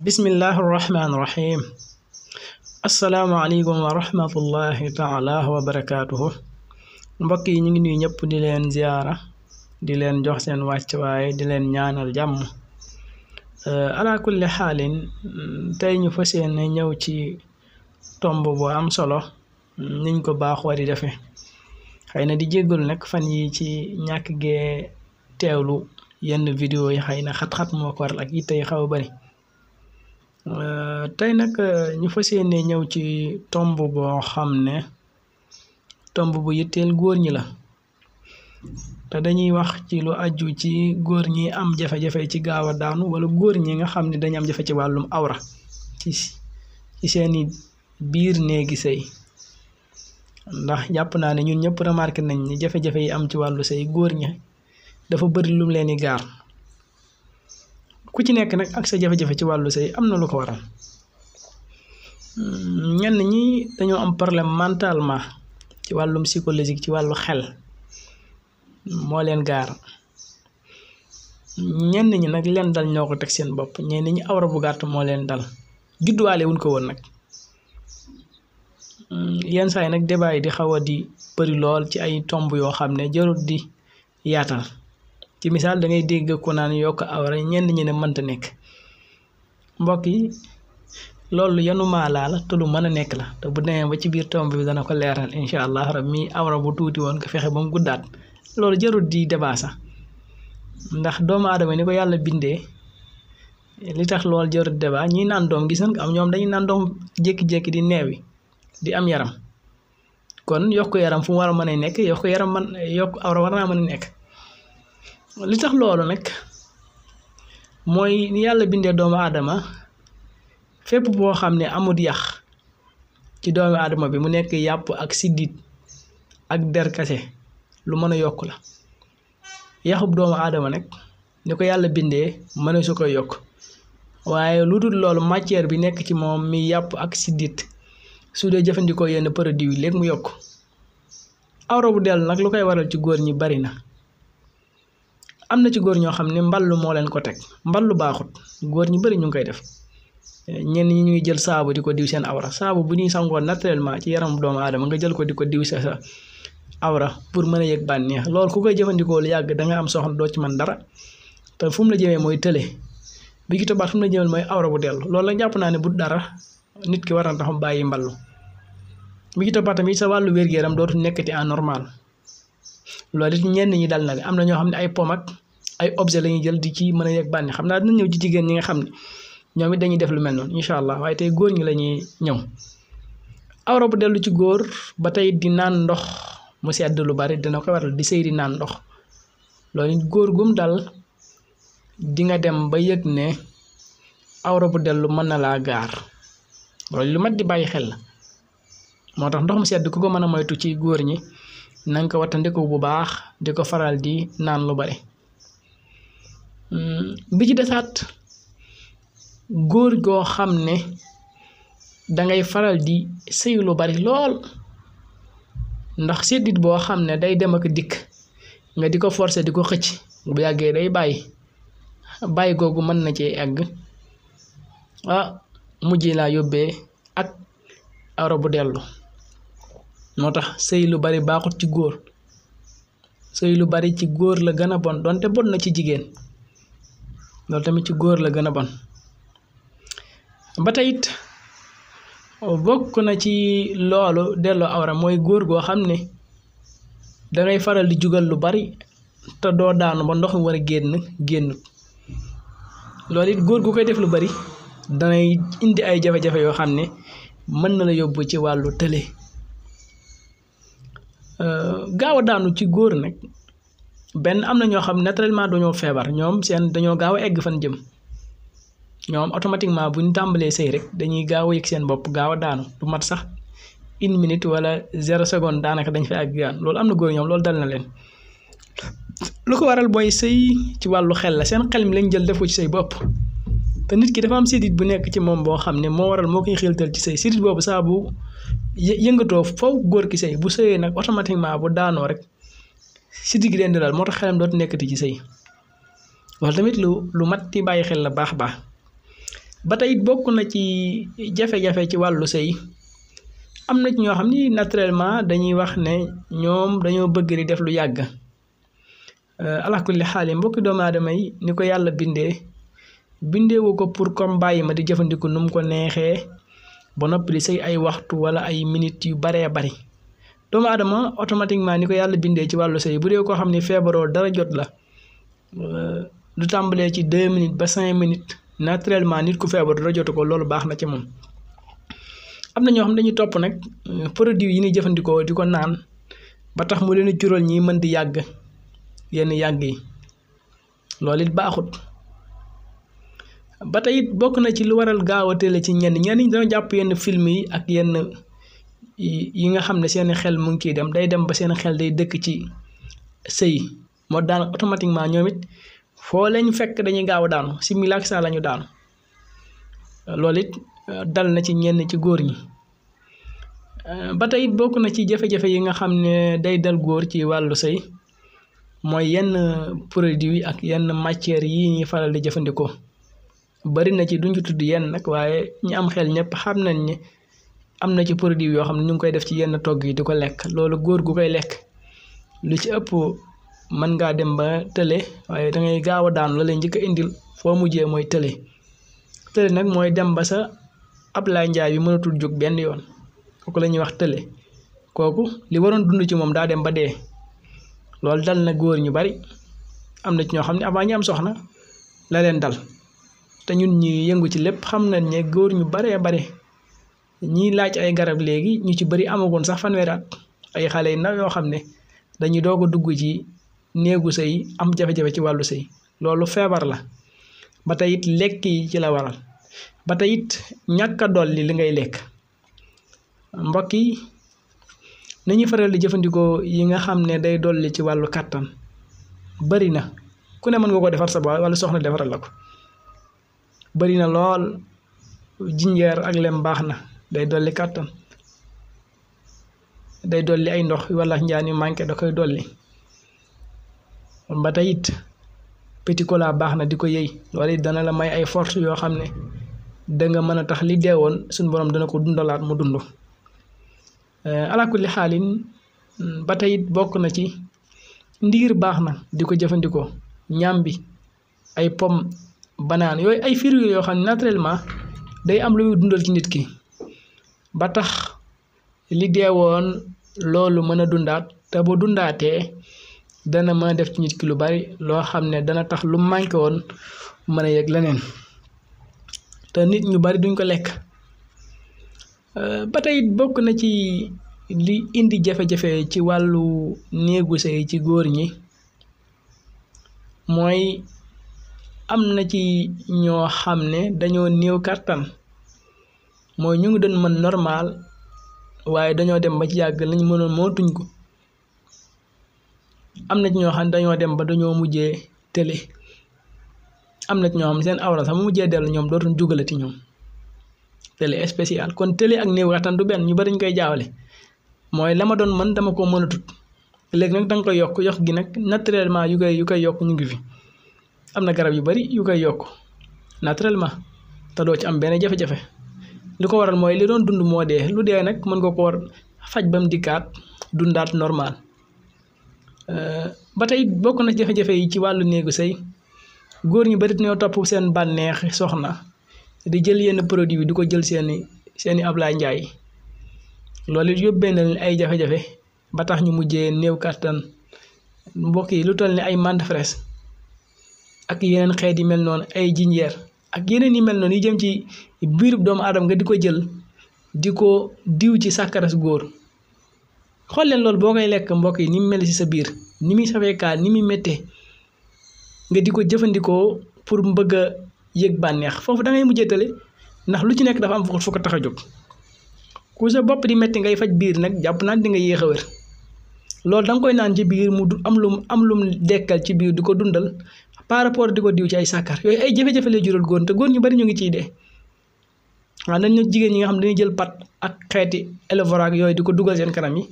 bismillahir rahmanir rahim asalaamaaleykum wa rahmatullahi taala wa barakaatuhu mbokk yi ñu ngi nuyu ñëpp di leen ziyaara di leen jox seen wàccuwaay di leen ñaanal jàmm eh, ala kulli xaalin tey ñu fas yéene ñëw ci tomb bu am solo niñ ko baaxoo di defee xëy na di jéggul nag fan yi ci ñàkk gee teewlu yenn video yi xëy na xat-xat moo waral ak yitte xaw a bari Euh, tey nag euh, ñu fas yéene ñëw ci tomb boo xam ne tomb bu yitteel góor ñi la te dañuy wax ci lu aju ci góor ñi am jafe-jafe ci gaaw a daanu wala góor ñi nga xam ni dañu am jafe ci wàllum awra ci seeni biir néegi sëy ndax jàpp naa ne ñun ñëpp remarqué nañ ni jafe-jafe yi am ci wàllu sëy góor ñi dafa bëri lum leen di gaar ku ci nekk nag ak sa jafe-jafe ci wàllu sëy am na lu ko waral hmm, ñenn ñi dañoo am problème mentalement ci wàllum psychologique ci wàllu xel moo leen gaar ñenn ñi nag leen dal ñoo ko teg seen bopp ñenn ñi awara bu gàtt moo leen dal judduwaale wuñ ko woon nag hmm, yenn saa yi nag débat yi di xaw a di bëri lool ci ay tomb yoo xam ne jarul di yaatal ci misaal da ngay dégg ku naan yokk awra ñenn ñi ne mënta nekk mbokk yi loolu yanu maalaa la te lu mën a nekk la te bu demee ba ci biir bi dana ko leeral incha allah rabbi awra bu tuuti woon nga fexe ba guddaat loolu jarul di débat sax ndax doom aadama ni ko yàlla bindee li tax loolu jarul débat ñiy naan doom gis nañ am ñoom dañuy naan doom jékki-jékki di neewi di am yaram kon yokk yaram fu mu war a mën a nekk yokk yaram man yokk awra war naa mën a nekk. li tax loolu nag mooy ni yàlla bindee doomu aadama fépp boo xam ne amut yax ci doomu aadama bi mu nekk yàpp ak siddit ak der kase lu mën a yokk la yaxub doomu aadama nag ni ko yàlla bindee mën a su ko yokk waaye lu dul loolu matière bi nekk ci moom mi yàpp ak siddit su dee jëfandikoo yenn produit yi léegi mu yokk awra bu dell nag lu koy waral ci góor ñi bari na am na ci góor ñoo xam ne mballu moo leen ko teg mballu baaxut góor ñu bëri ñu ngi koy def ñenn ñi ñu ngi jël saabu di ko diw seen awra saabu bu ñuy sangoo naturellement ci yaram doomu aadama nga jël ko di ko diw sa sa awra pour mën a yëg bànneex loolu ku koy jëfandikoo lu yàgg da am soxla doo ci man dara te fu la jëmee mooy tële bi ci tobaat fu mooy awra bu dellu loolu la jàpp naa ne bu dara nit ki war na taxam bàyyi mballu bi ci tobaat tamit sa wàllu wér-gu-yaram dootu nekkati en normal loolu ñenn ñi dal na leen am na ñoo xam ne ay pom ay objet la ñuy jël di ci mën a yegg bànneex xam naa dina ñëw ci jigéen ñi nga xam ne ñoom it dañuy def lu mel noonu incha allah waaye tey góor ñi la ñuy ñëw. awra bu dellu ci góor ba tey di naan ndox mu sedd lu bari dina ko waral di sëy naan ndox loolu góor gum dal di nga dem ba yëg ne awra bu dellu mën na laa gaar loolu lu mat di bàyyi xel la moo tax ndox mu sedd ku ko mën a moytu ci góor ñi. na nga ko wattandiku bu baax di ko faral di naan lu bare mm, bi ci desaat góor goo xam ne dangay faral di sëy lu bari lool ndax séddit boo xam ne day dem ak dikk nga di ko forcer di ko xëcc bu yàggee day bàyyi bàyyi googu mën na cee egg ah mujj laa yóbbee ak aro bu dellu moo tax sëy lu bari baaxut ci góor sëy lu bari ci góor la gën a bon donte bon na ci jigéen loolu tamit ci góor la gën a bon ba tey bokk na ci loolu delloo awra mooy góor goo xam ne dangay faral di jugal lu bari te doo daanu ba ndox mi war a génn génnut loolu it góor gu koy def lu bari danay indi ay jafe-jafe yoo xam ne mën na la yóbbu ci wàllu tële Euh, gaaw a daanu ci góor nag benn am na ñoo xam naturellement dañoo feebar ñoom seen dañoo gaaw a egg fan jëm ñoom automatiquement bu ñu tàmbalee sëy rek dañuy gaaw a yëg seen bopp gaaw a daanu du mat sax une minute wala zéro seconde daanaka dañ fa àgg gaan loolu am na góor ñoom loolu dal na leen lu ko waral booy sëy ci wàllu xel la seen xel mi lañ jël def ko ci say bopp te nit ki dafa am sidit bu nekk ci moom boo xam ne moo waral moo koy xiltal ci sëy sidit boobu saa yëngatoo faw góor ki sëy bu sëyee nag automatiquement bu daanoo rek si digg leen di daal moo tax xelam dootu nekkati ci sëy loolu tamit lu lu mat di bàyyi xel la baax baax ba tey bokk na ci jafe-jafe ci wàllu sëy am na ci ñoo xam ni naturellement dañuy wax ne ñoom dañoo bëgg di def lu yàgg euh, ala kulli xaal mbokki doomu aadama yi ni ko yàlla bindee bindee ko pour comme bàyyi ma di jëfandiku nu mu ko neexee ba noppi li sëy ay waxtu wala ay minutes yu baree bari doomu aadama automatiquement ni ko yàlla bindee ci wàllu sëy bu dee koo xam ni feebaroo dara jot la lu euh, tàmbalee ci deux minutes ba cinq minutes naturellement nit ku feebar dara jotu ko loolu baax na ci moom. am na ñoo xam ne dañuy topp nag euh, produit yi ñuy jëfandikoo di ko naan ba tax mu leen juróol ñi mën di yàgg yenn yàgg yi loolu it baaxut. ba tey it bokk na ci lu waral gaaw a télé ci ñenn ñenn ñi dañoo jàpp yenn film yi ak yenn yi nga xam ne seeni xel mu ngi ciy dem day dem ba seen xel day dëkk ci sëy moo daan automatiquement ñoom it foo lañ fekk dañuy gaaw a daanu simila ak saa la ñu daanu loolu it euh, dal na ci ñenn ci góor ñi euh, ba tey it bokk na ci jafe-jafe yi nga xam ne day dal góor ci wàllu sëy mooy yenn produit ak yenn matières yi ñuy faral di jëfandikoo. bari na ci duñ ci tudd yenn nag waaye ñi am xel ñëpp xam nañ ni am na ci produit yoo xam ne ñu ngi koy def ci yenn togg yi di ko lekk loolu góor gu koy lekk lu ci ëpp mën ngaa dem ba tële waaye da ngay gaaw a daanu la lay njëkk a indil foo mujjee mooy tële tële nag mooy dem ba sa Ablaye Njaay bi mënatul jóg benn yoon kooku la ñuy wax tële kooku li waroon dund ci moom daa dem ba dee loolu dal na góor ñu bari am na ci ñoo xam ne avant ñu am soxna la leen dal. te ñun ñi yëngu ci lépp xam nañ ne góor ñu baree bare ñiy laaj ay garab léegi ñu ci bëri amagoon sax fanweeri ay xale yu ndaw yoo xam ne dañuy doog a dugg ci néegu sëy am jafe-jafe ci wàllu sëy loolu feebar la ba tey it lekk yi ci la waral ba tey it ñàkk a dolli li ngay lekk mbokk yi nañu faral di jëfandikoo yi nga xam ne day dolli ci wàllu kàttan bari na ku ne mën nga ko defar sa bopp wala soxna defaral la ko bari na lool jinjeer ak lem baax na day dolli kàttan day dolli ay ndox walla njaan yu manqué da koy dolli ba tey it petit baax na di ko yëy loolu it dana la may ay force yoo xam ne danga mën a tax li deewoon suñu borom dana ko dundalaat mu dund eh, alaakulli xaalin ba tey bokk na ci ndiir baax na di ko jëfandikoo ñaam ay pom banaan yooyu ay fruits yoo xam ne naturellement day am lu muy dundal ci nit ki ba tax li dee woon loolu mën a dundaat te bu dundaatee dana mën a def ci nit ki lu bari loo xam ne dana tax lu manqué woon mën a yëg leneen te nit ñu bari duñ ko lekk ba tey bokk na ci li indi jafe-jafe ci wàllu néegu sëy ci góor ñi mooy am na ci ñoo xam ne dañoo néew kàttan mooy ñu ngi doon mën normal waaye dañoo dem ba ci yàgg lañ mënoon mootuñ ko am na ci ñoo xam ne dañoo dem ba dañoo mujjee télé am na ci ñoo xam seen awra sax mu mujjee dellu ñoom dootuñ jugalati ñoom télé spécial kon télé ak néew kàttan du benn ñu bari ñu koy jaawale mooy la ma doon mën dama ko mën a léegi nag danga koy yokk yokk gi nag naturellement yu koy yu koy yokk ñu ngi fi am na garab yu bari yu koy yokk naturellement te doo ci am benn jafe-jafe li ko waral mooy li doon dund moo dee lu dee nag mën nga ko war faj ba mu dikkaat dundaat normal euh, ba tey bokk na jafe-jafe yi ci wàllu néegu sëy góor ñi bari dañoo topp seen bànneex soxna di jël yenn produit bi di ko jël seeni seeni ablaay njaay loolu it yóbbee na leen ay jafe-jafe ba tax ñu mujjee néew kàttan mbokk yi lu toll ni ay mande fraîche ak yeneen xeet yi mel noonu ay jinjeer ak yeneen yi mel noonu yu jëm ci biirub doomu aadama nga di ko jël di ko diw ci sàkkaras góor xool leen lool boo koy lekk mbokk yi ni mu mel si sa biir ni muy safee ni muy mettee nga di ko jëfandikoo pour mbëgg a yëg bànneex foofu dangay ngay mujjatale ndax lu ci nekk dafa am fu ko tax a jóg ku sa bopp di métti ngay faj biir nag jàpp naan di nga yéex a wér loolu da nga koy naan ci biir mu am lum am lum dekkal ci biir di ko dundal par rapport di ko diw ci ay sàkkar yooyu ay jafe-jafe lay jural góor te góor ñu bari ñu ngi ciy dee waaw nañ ñu jigéen ñi nga xam ne dañuy jël pat ak xeeti élevage yooyu di ko dugal seen kanam yi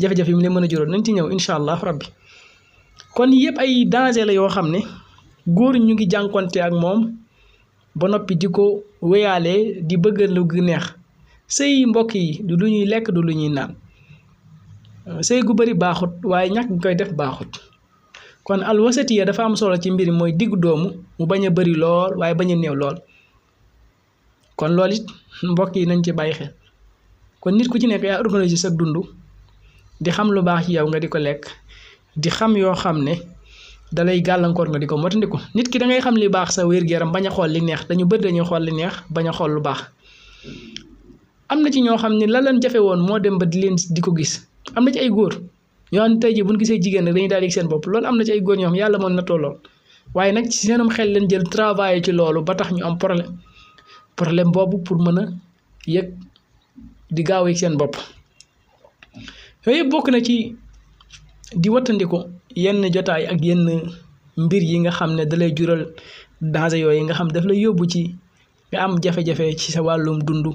jafe-jafe yi mu leen mën a jural nañu ci ñëw incha allah rabbi kon yëpp ay danger la yoo xam ne góor ñu ngi jànkonte ak moom ba noppi di ko wéyaalee di bëgg lu neex sëy mbokk yi du lu ñuy lekk du lu ñuy naan sëy gu bari baaxut waaye ñàkk koy def baaxut kon alwasatiya dafa am solo ci mbir mooy digg doomu mu bañ a bari lool waaye bañ a néew lool kon loolu it mbokk yi nañ ci bàyyi xel kon nit ku ci nekk yaa organiser sa dund di xam lu baax ci yow nga di ko lekk di xam yoo xam ne dalay gàllankoor nga di ko motandiku nit ki da ngay xam li baax sa wér-gu-yaram bañ a xool li neex dañu bëri dañuy xool li neex bañ a xool lu baax am na ci ñoo xam ne la leen jafe woon moo dem ba di leen di ko gis am na ci ay góor ñoo xam ne tey jii bu ñu gisee jigéen rek dañuy daal di seen bopp loolu am na ci ay góor ñoom yàlla moon na tolloo waaye nag ci seenam xel leen jël travail ci loolu ba tax ñu am problème problème boobu pour mën a yëg di gaaw yëg seen bopp. yooyu bokk na ci di wattandiku yenn jotaay ak yenn mbir yi nga xam ne da jural danger yooyu nga xam daf lay yóbbu ci nga am jafe-jafe ci sa wàllum dund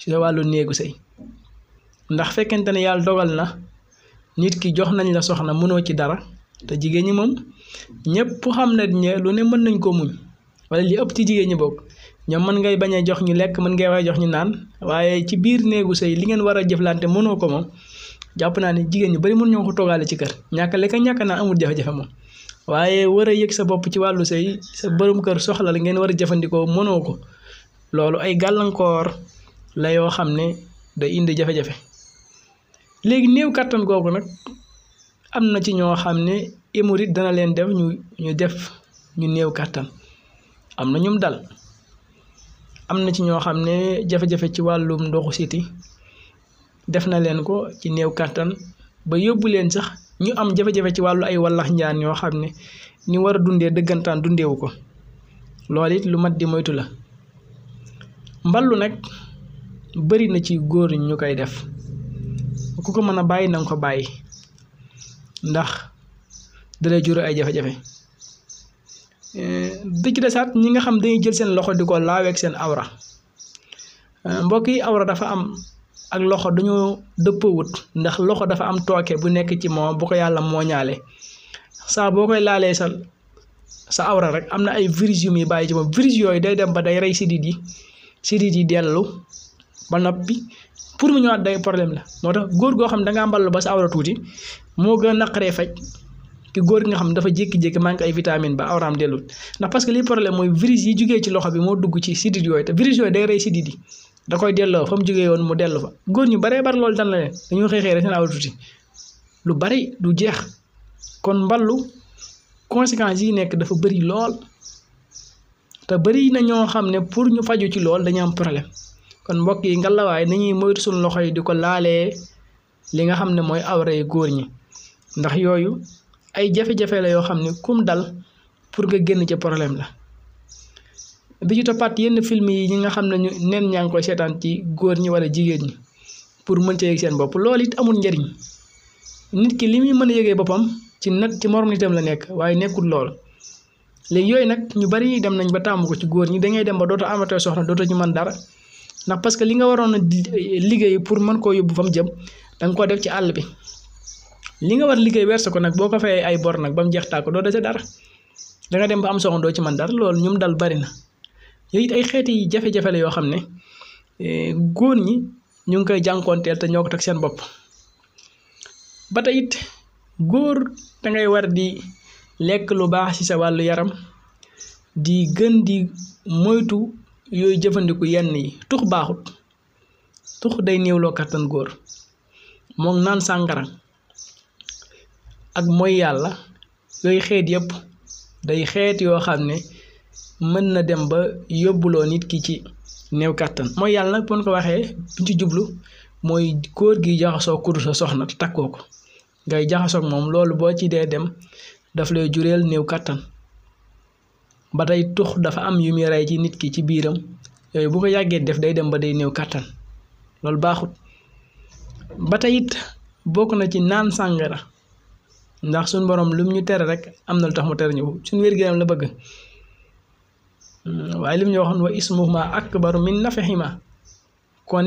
ci sa wàllu néegu sëy ndax fekkente ne yàlla dogal na. nit ki jox nañ la soxna mënoo ci dara te jigéen ñi moom ñëpp xam nañ ne lu ne mën nañ ko muñ wala li ëpp ci jigéen ñi bokk ñoom mën ngay bañ a jox ñu lekk mën ngay waay jox ñu naan waaye ci biir néegu sëy li ngeen war a jëflante mënoo ko moom jàpp naa ne jigéen ñu bari mën ñoo ko toggaale ci kër ñàkk lekk ñàkk naa amul jafe-jafe moom waaye war a yëg sa bopp ci wàllu sëy sa borom kër soxla la ngeen war a jëfandikoo mënoo ko loolu ay gàllankoor la yoo xam ne day indi jafe léegi néew kattan googu nag am na ci ñoo xam ne hémorroïde dana leen def ñu ñu def ñu néew kàttan am na ñum dal am na ci ñoo xam ne jafe-jafe ci wàllum ndoxu siiti def na leen ko ci néew kàttan ba yóbbu leen sax ñu am jafe-jafe ci wàllu ay wallax yoo xam ne ni war a dundee dëggantaan dundewu ko loolu it lu mat di moytu la mballu nag bëri na ci góor ñu koy def ku ko mën a bàyyi na ko bàyyi ndax dalay jur ay jafe-jafe di eh, ci desaat ñi nga xam dañuy jël seen loxo di ko laaweeg seen awra eh, mbokk yi awra dafa am ak loxo dañoo dëppawut ndax loxo dafa am tooke bu nekk ci moom bu ko yàlla mooñaale saa boo koy laalee sa sa awra rek am na ay virus yu muy bàyyi ci moom virus yooyu day dem ba day rey sidit yi sidit yi dellu ba bi pour mu ñëwaat day problème la moo tax góor goo xam ne dangaa mballu ba sa awra tuuti moo gën a naqaree faj ki góor gi nga xam dafa jékki-jékki manque ay vitamine ba awraam dellut ndax parce que liy problème mooy virus yi jugee ci loxo bi moo dugg ci sidit yooyu te virus yooyu day rey sidit yi da koy delloo fa mu jugee woon mu dellu fa góor ñu baree bari loolu dan la leen dañoo xëy xëy rek awra tuuti lu bari du jeex kon mballu conséquences yi nekk dafa bëri lool te bëri na ñoo xam ne pour ñu faju ci lool dañu am problème kon mbokk yi ngalawaay nañuy moytu suñu loxo yi di ko laalee li nga xam ne mooy awra góor ñi ndax yooyu ay jafe-jafe la yoo xam ne kum dal pour nga génn ca problème la bi ci toppaat yenn film yi ñi nga xam ne ñu neen ñaa ngi koy seetaan ci góor ñi wala jigéen ñi pour mën ca yëg seen bopp lool it amul njariñ nit ki li muy mën a yëgee boppam ci nat ci morom nitam la nekk waaye nekkul lool léegi yooyu nag ñu bari dem nañ ba tàmm ko ci góor ñi dangay dem ba dootoo amatee soxna dootoo mën dara ndax parce que li nga waroon a liggéey pour mën koo yóbbu fa mu jëm danga koo def ci àll bi li nga war liggéey sa ko nag boo ko fayee ay bor nag ba mu jeex tàkk doo dese dara da nga dem ba am soxna doo ci man dara loolu ñum dal bari na yooyu it ay xeeti jafe-jafe la yoo xam ne e, góor ñi ñu ngi koy jànkoonteel te ñoo ko teg seen bopp ba tey it góor da ngay war di lekk lu baax ci sa wàllu yaram di gën di moytu yooyu jëfandiku yenn yi tux baaxut tux day néewloo kàttan góor moom naan sàngara ak mooy yàlla yooyu xeet yépp day xeet yoo xam ne mën na dem ba yóbbuloo nit ki ci new kàttan mooy yàlla nag buñ ko waxee buñ ci jublu mooy góor gi jaxasoo kudu sa soxna takkoo ko ngay jaxasoog moom loolu boo ci dee dem daf lay jureel néew kàttan ba tey tux dafa am yu muy ci nit ki ci biiram yooyu bu ko yàggee def day dem ba day néew kàttan loolu baaxut ba tey it bokk na ci naan sàngara ndax suñ borom lu mu ñu tere rek am na lu tax mu tere ñu suñ la bëgg hmm, waaye lim ñu waxoon wa ismuhuma kon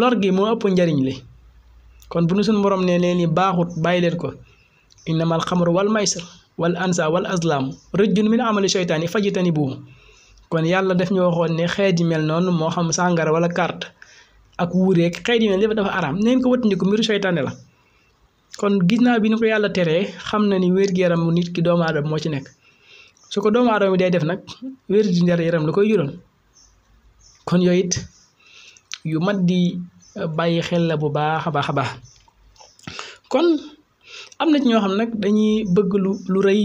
lor gi moo ëpp njariñ li kon bu nu suñ borom ne nee ni baaxut bàyyi leen ko innamal xamru wal maysir wal ansa wal azlam rëjjun min amali seytaani fajitani buuhu kon yàlla daf ñu waxoon ne xeet yi mel noonu moo xam sàngara wala carte ak wuureeg xeet yi mel lépp dafa araam neen ko mbiru seytaane la kon gis naa bi ni ko yàlla teree xam na ni wér-gu-yaram nit ki doomu aadama moo ci nekk su ko doomu aadama bi day def nag wér di ndar yaram la koy jural kon yooyu it yu mat di bàyyi xel la bu baax a baax a baax kon am na ci ñoo xam ne nag dañuy bëgg lu rëy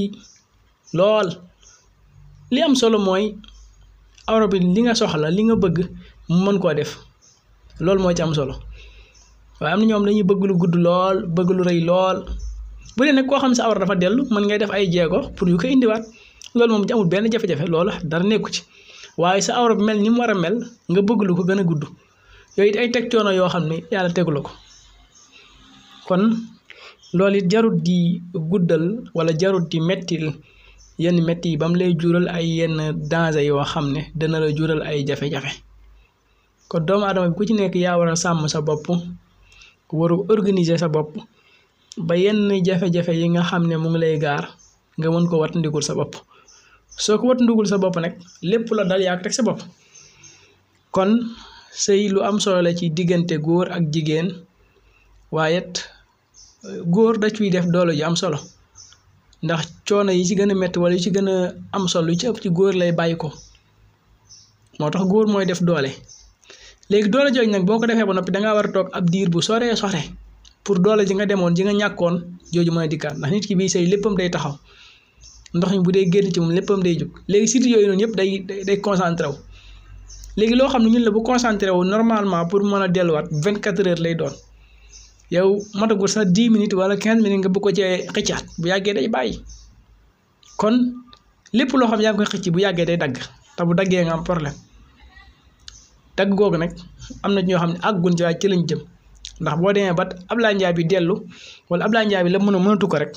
lool li am solo mooy awra li nga soxla li nga bëgg mu mën koo def loolu mooy ci am solo waaye am na ñoom dañuy bëgg lu gudd lool bëgg lu rëy lool bu dee nag koo xam sa awra dafa dellu mën ngay def ay jéego pour yu ko indiwaat loolu moom ci benn jafe-jafe loolu dara nekku ci waaye sa awra mel ni mu war a mel nga bëgg lu ko gën a gudd yooyu ay teg coono yoo xam ne yàlla tegula ko loolu it jarut di guddal wala jarut di mettil yenn metti yi ba mu lay jural ay yenn danger yoo xam ne dana la jural ay jafe-jafe kon doomu aadama bi ku ci nekk yaa war a sàmm sa bopp war a organiser sa bopp ba yenn jafe yi nga xam ne mu ngi lay gaar nga mën ko wat sa bopp soo ko wat sa bopp nag lépp la dal yaak sa bopp kon sëy lu am solo la ci diggante góor ak jigéen waaye it góor da ciy def doole ji am solo ndax coono yi ci gën a métti wala yi ci gën a am solo yu ci ëpp ci góor lay bàyyi ko moo tax góor mooy def doole léegi doole jooju nag boo ko defee ba noppi dangaa war a toog ab diir bu soree sore pour doole ji nga demoon ji nga ñàkkoon jooju mën a dikkaat ndax nit ki bii say léppam day taxaw ndox mi bu dee génn ci moom léppam day jóg léegi site yooyu noonu yëpp day day concentré wu léegi loo xam ne ñun la bu concentré wu normalement pour mën a vingt quatre heures lay doon yow matagul sax dix minutes wala quinze minutes nga bëgg ko cee xëccaat bu yàggee day bàyyi kon lépp loo xam yaa ngi koy xëcc bu yàggee day dagg te bu daggee nga am problème dagg googu nag am na ñoo xam ne àgguñ ci waaye ci lañ jëm ndax boo demee ba Ablaye Ndiaye bi dellu wala Ablaye Ndiaye bi la mën a mënatu ko rek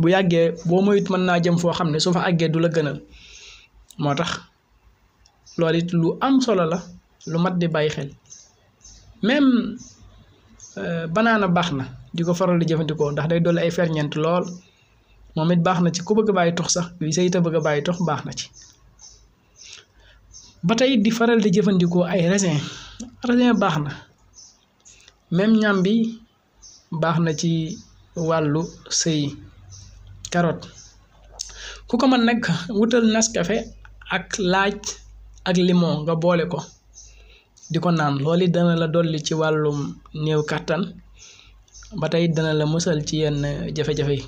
bu yàggee boo moyut mën naa jëm foo xam ne soo fa àggee du la gënal moo tax loolu it lu am solo la lu mat di bàyyi xel Euh, banaana baax na di ko faral di jëfandikoo ndax day dolli ay ferñeent lool moom it baax na ci ku bëgg a bàyyi tux sax yu say te bëgg a bàyyi tux baax na ci ba tey di faral di jëfandikoo ay raisin raisin baax na même ñam bi baax na ci wàllu sëy karoot ku ko mën nag wutal Nescafé ak laaj ak limon nga boole ko di ko naan loolu dana la dolli ci wàllum néew kàttan ba tey dana la mësal ci yenn jafe-jafe yi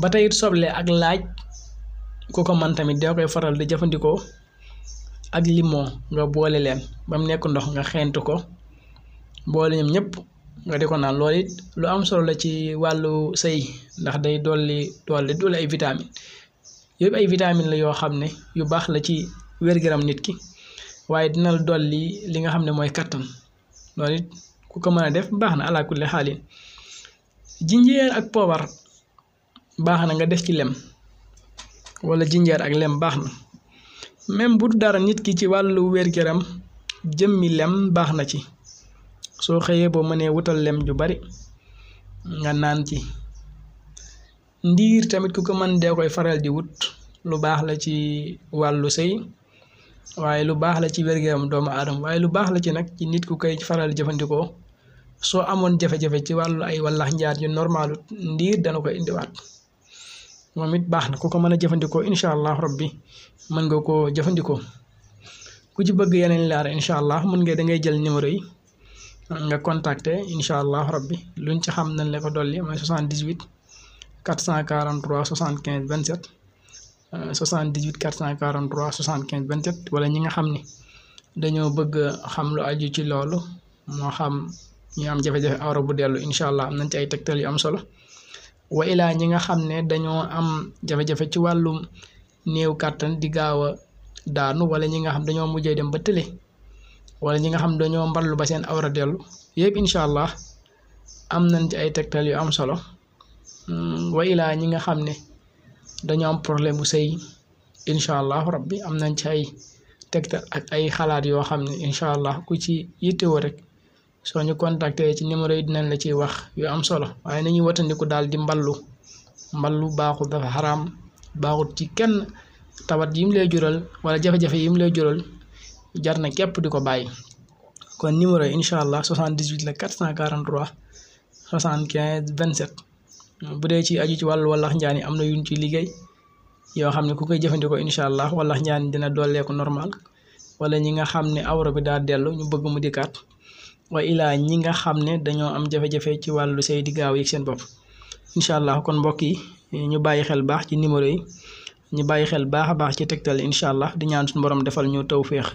ba tey soble ak laaj ku ko man tamit doo koy faral di jëfandikoo ak limon nga boole leen ba mu nekk ndox nga xeent ko boole ñoom ñëpp nga di ko naan loolu it lu am solo la ci wàllu sëy ndax day dolli doole dolli ay vitamine yëpp ay vitamine la yoo xam ne yu baax la ci wér gu nit ki waaye dina la dolli li nga xam ne mooy kàttan loolu it ku ko mën a def baax na ala kulli xaalin jinjeer ak poobar baax na nga def ci lem wala jinjeer ak lem baax na même bu dara nit ki ci wàllu wér gu jëmmi lem baax na ci soo xëyee boo mënee wutal lem ju bari nga naan ci ndiir tamit ku ko mën dee koy faral di wut lu baax la ci wàllu sëy waaye lu baax la ci wér gu doomu aadama waaye lu baax la ci nag ci nit ku koy faral jëfandikoo soo amoon jafe-jafe ci wàllu ay wallax njaat yu normalut ndiir dana ko indiwaat moom it baax na ku ko mën a jëfandikoo incha allah rabbi mën nga koo jëfandikoo ku ci bëgg yeneen laar incha allah mën nga da ngay jël numéro yi nga contacter incha allah rabbi luñ ci xam nañ la ko dolli mooy 78 443 75 27. 78 443 75 27 wala ñi nga xam ni dañoo bëgg xam lu aju ci loolu moo xam ñu am jafe-jafe awra bu dellu incha allah am nañ ci ay tegtal yu am solo wa ilaa ñi nga xam ne dañoo am jafe ci wàllum néew kàttan di gaaw a daanu wala ñi nga xam dañoo mujjee dem ba tële wala ñi xam dañoo mballu ba seen awra dellu yëpp incha allah am nañ ay tegtal yu am solo hmm, wa ilaa ñi nga xam ne. dañu am problème bu sëy incha allahu rabbi am nañ ci ay tegtal ak ay xalaat yoo xam ne incha allah ku ci yittewoo rek soo ñu contacter ci numéro yi dinañ la ciy wax yu am solo waaye nañuy watandiku daal di mballu mballu baaxul dafa xaraam baaxul ci kenn tawat yim lay jural wala jafe-jafe yim lay jural jar na képp di ko bàyyi kon numéro yi incha allah 78 la 443 75 27 bu dee ci aju ci wàllu wallax njaan yi am na yuñ ci liggéey yoo xam ne ku koy jëfandikoo incha allah wallax njaan dina dolleeku normal wala ñi nga xam ne awra bi daa dellu ñu bëgg mu dikkaat wa ilaa ñi nga xam ne dañoo am jafe-jafe ci wàllu say di gaaw yi seen bopp incha allah kon mbokk yi ñu bàyyi xel baax ci numéro yi ñu bàyyi xel baax a baax ci tegtal incha allah di ñaan suñu borom defal ñu tawféex